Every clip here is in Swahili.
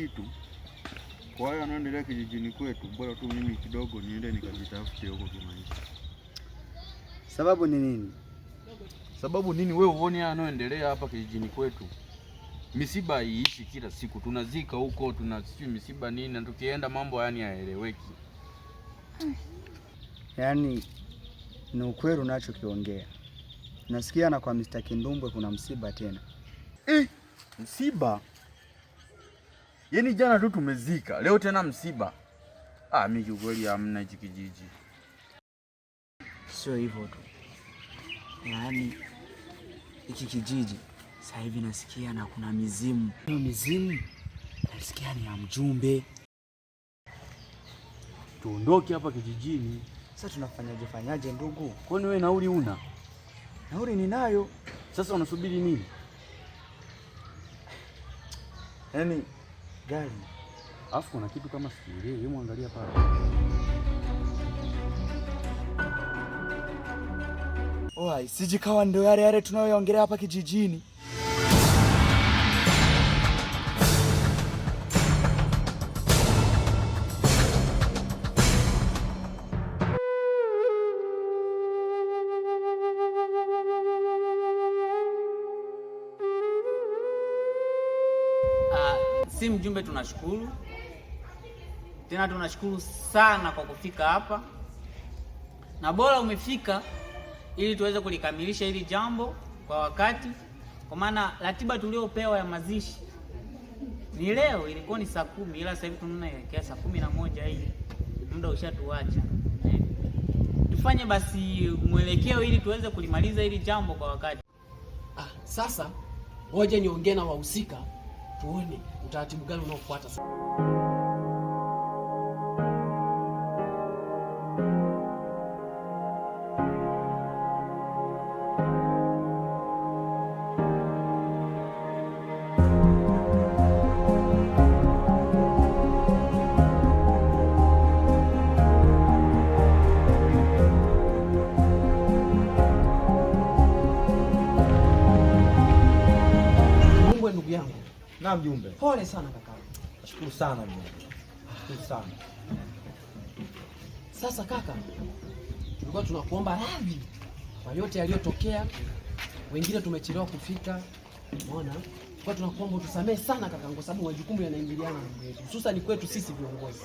kitu. Kwa hiyo anaendelea kijijini kwetu, bora tu mimi kidogo niende nikajitafute huko kimaisha. Sababu ni nini? Sababu nini? Wewe uone anaoendelea hapa kijijini kwetu, misiba iishi kila siku, tunazika huko, tuna sijui misiba nini, na tukienda mambo yani haeleweki. Yaani ni ukweli unachokiongea. Nasikia na kwa Mr. Kindumbwe kuna msiba tena. Eh, msiba Yaani jana tu tumezika, leo tena msiba. Ah, mimi kiukweli hamna hichi kijiji. Sio hivyo tu, yaani hiki kijiji sasa hivi nasikia na kuna mizimu. Hiyo mizimu nasikia ni ya mjumbe. Tuondoke hapa kijijini. Sasa tunafanyaje fanyaje, ndugu? Kwani wewe nauli una? Nauli ninayo. Sasa unasubiri nini? Yaani gari, alafu kuna kitu kama sikirie, yeye muangalia pale. Oi, sijikawa ndo yale yale tunayoongelea hapa kijijini si mjumbe, tunashukuru tena, tunashukuru sana kwa kufika hapa, na bora umefika ili tuweze kulikamilisha hili jambo kwa wakati, kwa maana ratiba tuliopewa ya mazishi ni leo, ilikuwa ni saa kumi ila sasa hivi tunaona saa kumi na moja hii, muda ushatuacha Tufanye basi mwelekeo ili tuweze kulimaliza hili jambo kwa wakati. Ah, sasa ngoja niongee na wahusika tuone utaratibu gani unaofuata. sasa. Kaka mjumbe, pole sana kaka. Nashukuru sana mjumbe, nashukuru sana. Sasa kaka, tulikuwa tunakuomba radhi kwa yote yaliyotokea, wengine tumechelewa kufika, umeona. Kwa tunakuomba tusamehe sana kaka, kwa sababu majukumu yanaingiliana na yetu, hususan kwetu sisi viongozi.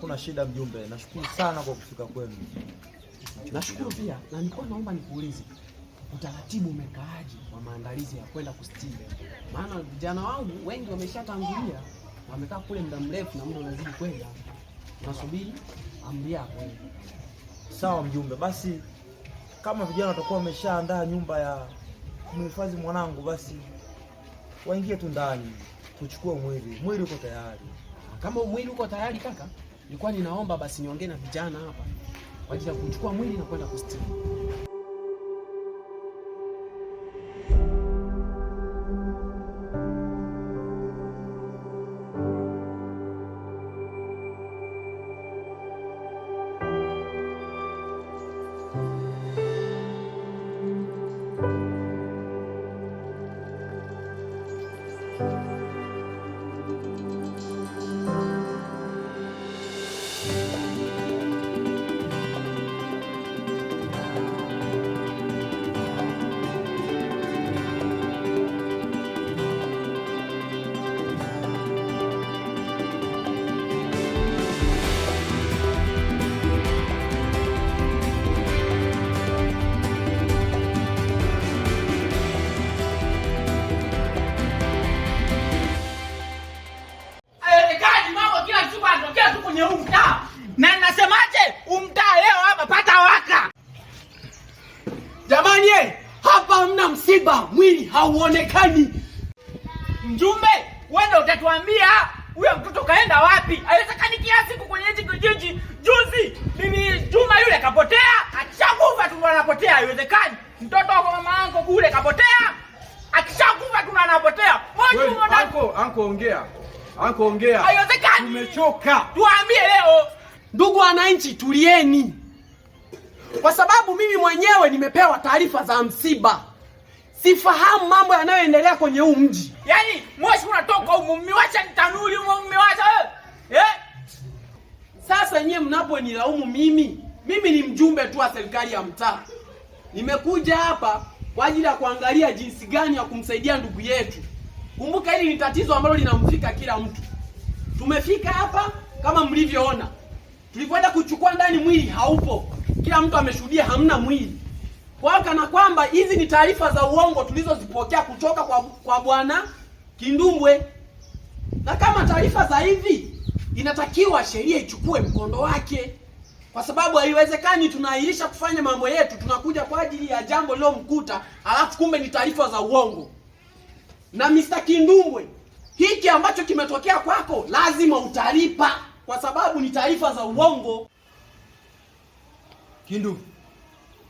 Kuna shida mjumbe, nashukuru sana kwa kufika kwenu. Nashukuru pia, na nilikuwa naomba nikuulize utaratibu umekaaje wa maandalizi ya kwenda kustiri? Maana vijana wangu wengi wameshatangulia, wamekaa kule muda mrefu na muda unazidi kwenda, nasubiri amri yako. Sawa mjumbe, basi kama vijana watakuwa wameshaandaa nyumba ya kumhifadhi mwanangu, basi waingie tu ndani kuchukua mwili. Mwili uko tayari? Ah, kama mwili uko tayari kaka, nilikuwa ninaomba basi niongee na vijana hapa kwa ajili ya kuchukua mwili na kwenda kustiri. haiwezekani. Mjumbe, wewe utatuambia huyo mtoto kaenda wapi? Haiwezekani kila siku kwenye hichi kijiji. Juzi mimi Juma yule kapotea, akishakufa tu anapotea. Haiwezekani mtoto kwa mama yako kule kapotea, akishakufa tu anapotea. Anko, anko ongea, anko ongea. Haiwezekani, tumechoka. Tuambie leo. Ndugu wananchi, tulieni, kwa sababu mimi mwenyewe nimepewa taarifa za msiba sifahamu mambo yanayoendelea kwenye huu mji. Yaani moshi unatoka huko, mmiwacha nitanuli huko, mmiwacha eh? eh. Sasa nyie mnaponilaumu mimi, mimi ni mjumbe tu wa serikali ya mtaa. Nimekuja hapa kwa ajili ya kuangalia jinsi gani ya kumsaidia ndugu yetu. Kumbuka hili ni tatizo ambalo linamfika kila mtu. Tumefika hapa kama mlivyoona, tulikwenda kuchukua ndani, mwili haupo, kila mtu ameshuhudia, hamna mwili kwa kana kwamba hizi ni taarifa za uongo tulizozipokea kutoka kwa, kwa Bwana Kindumbwe, na kama taarifa za hivi, inatakiwa sheria ichukue mkondo wake, kwa sababu haiwezekani tunaahirisha kufanya mambo yetu, tunakuja kwa ajili ya jambo lilomkuta, alafu kumbe ni taarifa za uongo. Na Mr. Kindumbwe, hiki ambacho kimetokea kwako lazima utalipa, kwa sababu ni taarifa za uongo Kindumbwe.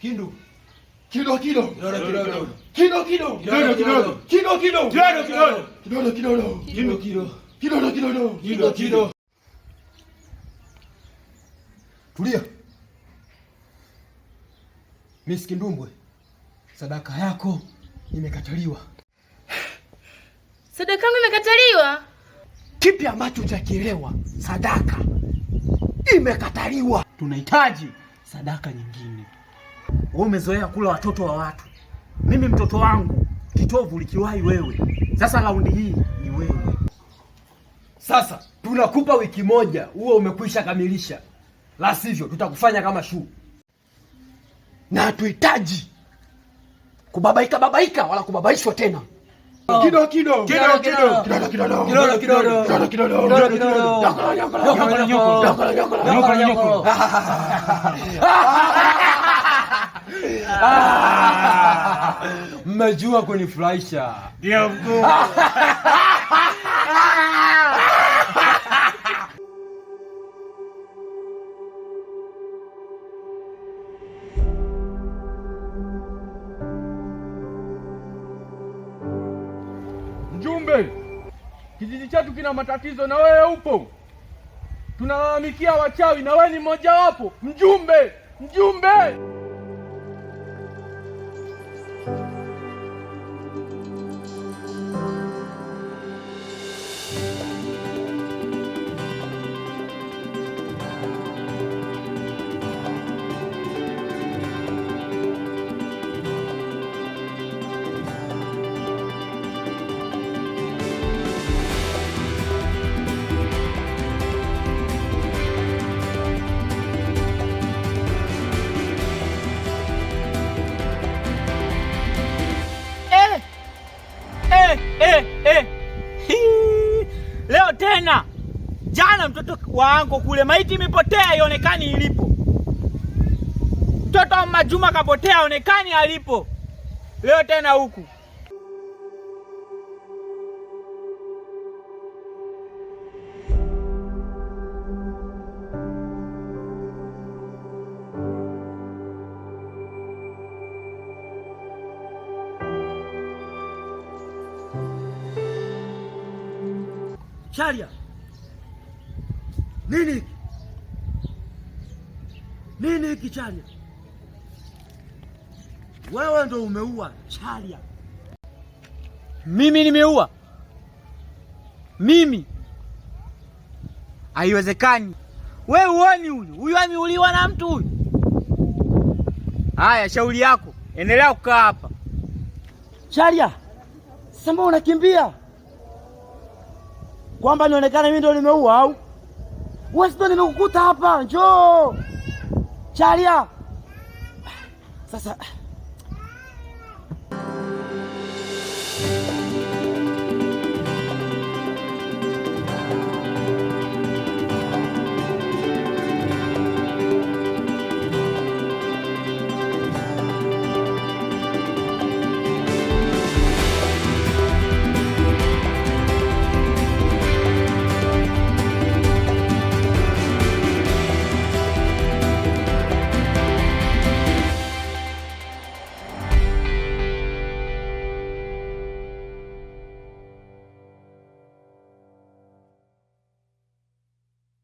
Kindu kidogo Tulia Miss Kindumbwe, sadaka yako imekataliwa. Sadaka yangu imekataliwa? Kipi ambacho hujakielewa? Sadaka imekataliwa, tunahitaji sadaka nyingine wewe umezoea kula watoto wa watu. Mimi mtoto wangu kitovu likiwahi wewe. Sasa raundi hii ni wewe. Sasa tunakupa wiki moja, huo umekwisha kamilisha, la sivyo tutakufanya kama shuu, na hatuhitaji kubabaika babaika wala kubabaishwa tena. kido kidogo Ah! Mmejua kunifurahisha. Ndio mkuu. Mjumbe, kijiji chetu kina matatizo na wewe upo. Tunalalamikia wachawi na wewe ni mmoja wapo. Mjumbe, mjumbe. Jana mtoto waango kule, maiti imepotea ionekani ilipo. Mtoto wa Majuma kapotea ionekani alipo. Leo tena huku Charia nini hiki? Nini hiki Chalia? Wewe ndo umeua Chalia. Mimi nimeua? Mimi? Haiwezekani. We uoni huyu? Huyu ameuliwa na mtu huyu. Haya, shauri yako, endelea kukaa hapa. Chalia, sasa mbona unakimbia? Kwamba nionekane mimi ndo nimeua au? wewe sio, nimekukuta hapa, njoo Chalia sasa.